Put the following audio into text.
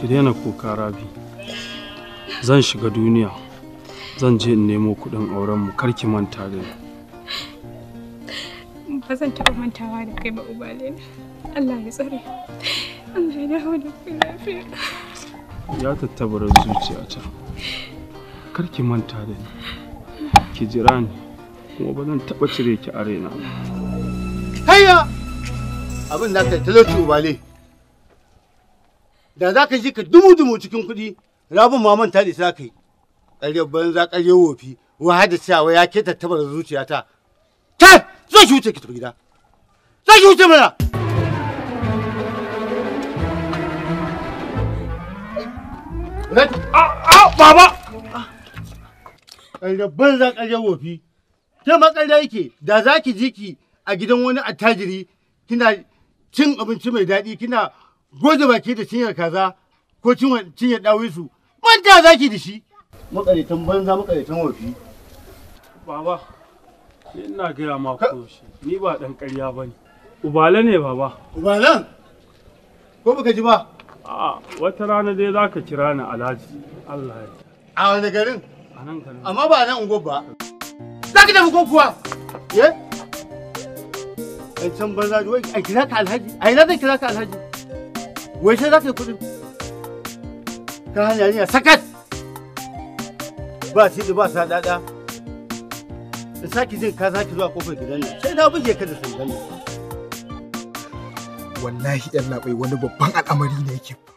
ki daina kuka rabi zan shiga duniya zan je in nemo kuɗin auren mu kar ki manta da ni ba zan taba mantawa da kai ba ubalena. Allah ya tsare Allah ya dawo da ku lafiya ya tattabara zuciyata kar ki manta da ni ki jira ni kuma ba zan taba cire ki a raina hayya abin da ka talauci ubale da za ka ji ka dumu-dumu cikin kuɗi rabin ma manta da za ka yi ƙarya banza ƙarya wofi wa da cewa ya ke tattabar zuciya ta zai ki wuce ki tafi gida zai ki wuce mana a baba ƙarya banza ƙarya wofi ta maƙarya yake da za ki ji ki a gidan wani attajiri kina cin abinci mai daɗi kina goge baki da cinyar kaza ko cinyar su manta zaki da shi makaritan banza makaritan wafi baba ina gaya ma ko shi ni ba dan ƙarya ba ne ubala ne baba Ubala? ko baka ji ba a wata rana dai za ka kira ni alhaji allah ya a wani garin a nan garin amma ba nan ungo ba za ka tafi ko kuwa ye eh? can banza wai a kira ka alhaji a ina zan kira ka alhaji wai sai za ta yi kuɗin ta hanyar yarinya sakat ba shi ba sa dada da sake jin kaza sake zuwa kofar gidan nan sai na buge ka da sandan wallahi yan labai wani babban al'amari ne yake